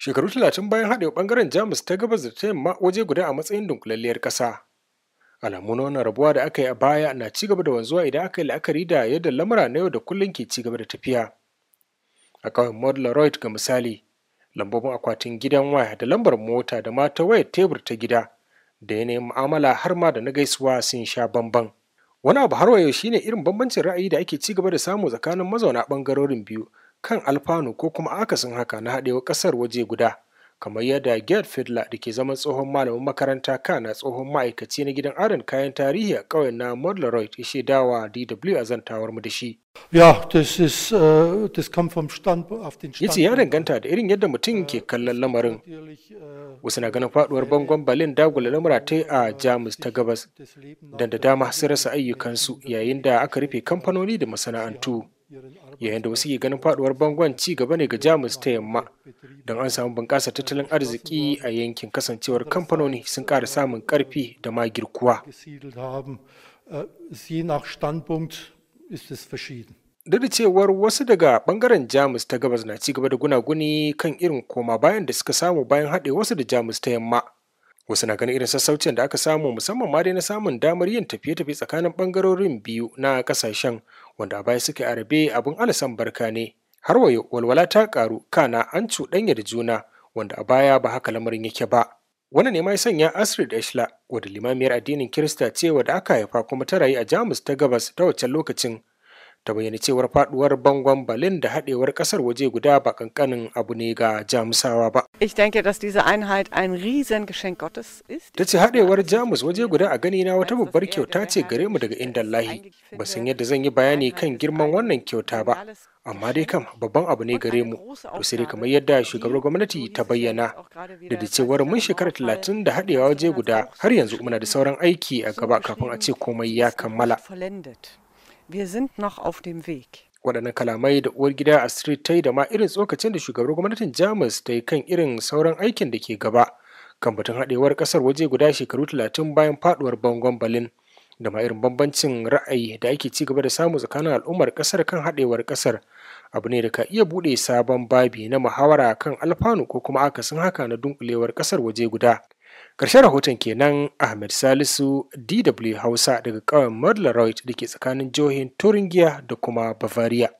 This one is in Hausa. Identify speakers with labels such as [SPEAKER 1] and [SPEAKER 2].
[SPEAKER 1] Shekaru talatin bayan haɗewa ɓangaren Jamus ta gabas da ta yamma waje guda a matsayin dunkulalliyar ƙasa. Alamu na wannan rabuwa da aka yi a baya na ci gaba da wanzuwa idan aka yi la'akari da yadda lamura na yau da kullum ke ci gaba da tafiya. A ƙauyen Modelaroid ga misali, lambobin akwatin gidan waya da lambar mota da mata ta wayar tebur ta gida da yanayin mu'amala har ma da na gaisuwa sun sha bamban. Wani abu har wayo shine irin bambancin ra'ayi da ake ci gaba da samu tsakanin mazauna ɓangarorin biyu kan alfanu ko kuma akasin haka na haɗewar ƙasar waje guda kamar yadda gerd fidler da ke zaman tsohon malamin makaranta ka na tsohon ma'aikaci na gidan adon kayan tarihi a ƙauyen na modleroyd ya shaidawa dw a zantawar mu da shi
[SPEAKER 2] äh, ya ce
[SPEAKER 1] ya danganta da irin yadda mutum ke äh, kallon lamarin äh, wasu na ganin faduwar bangon berlin dagula lamura ta a jamus ta gabas da da dama sun rasa ayyukansu yayin da aka rufe kamfanoni da masana'antu yayin da wasu ke ganin faduwar bangon ci gaba ne ga jamus ta yamma don an samu bunƙasar tattalin arziki a yankin kasancewar kamfanoni sun ƙara samun ƙarfi da ma girkuwa duk da cewar wasu daga ɓangaren jamus ta gabas na ci gaba da gunaguni kan irin koma bayan da suka samu bayan haɗe wasu da jamus ta yamma wasu na ganin irin sassaucin da aka samu musamman ma dai na samun damar yin tafiye-tafiye tsakanin bangarorin biyu na kasashen wanda a baya suke arabe abin alasan barka ne har wayo walwala ta karu kana an cuɗanya da juna wanda a baya ba haka lamarin yake ba wannan ne ma sanya asrid ashla wadda limamiyar addinin kirista ce wadda aka haifa kuma ta rayu a jamus ta gabas ta waccan lokacin ta bayyana cewar faduwar bangon Berlin da haɗewar ƙasar waje guda ba kankanin abu ne ga Jamusawa ba. Ich denke, dass diese Einheit ein geschenk Gottes ist. Ta ce haɗewar Jamus waje guda a gani na wata babbar kyauta ce gare mu daga inda Allahi. Ba san yadda zan yi bayani kan girman wannan kyauta ba. Amma dai kam babban abu ne gare mu. To sai kamar yadda shugabar gwamnati ta bayyana da da cewar mun shekara talatin da haɗewa waje guda har yanzu muna da sauran aiki a gaba kafin a ce komai ya kammala. Wir sind noch auf dem Weg. waɗannan kalamai da uwar gida a street ta yi da ma irin tsokacin da shugabar gwamnatin jamus ta yi kan irin sauran aikin da ke gaba kan batun haɗewar ƙasar waje guda shekaru talatin bayan faɗuwar bangon berlin da ma irin bambancin ra'ayi da ake ci gaba da samu tsakanin al'ummar ƙasar kan haɗewar ƙasar abu ne da ka iya buɗe sabon babi na muhawara kan alfanu ko kuma akasin haka na dunkulewar ƙasar waje guda Ƙarshen rahoton kenan Ahmed Salisu DW Hausa daga ƙauyen Madlaroit da ke tsakanin jihohin Turingiya da kuma Bavaria.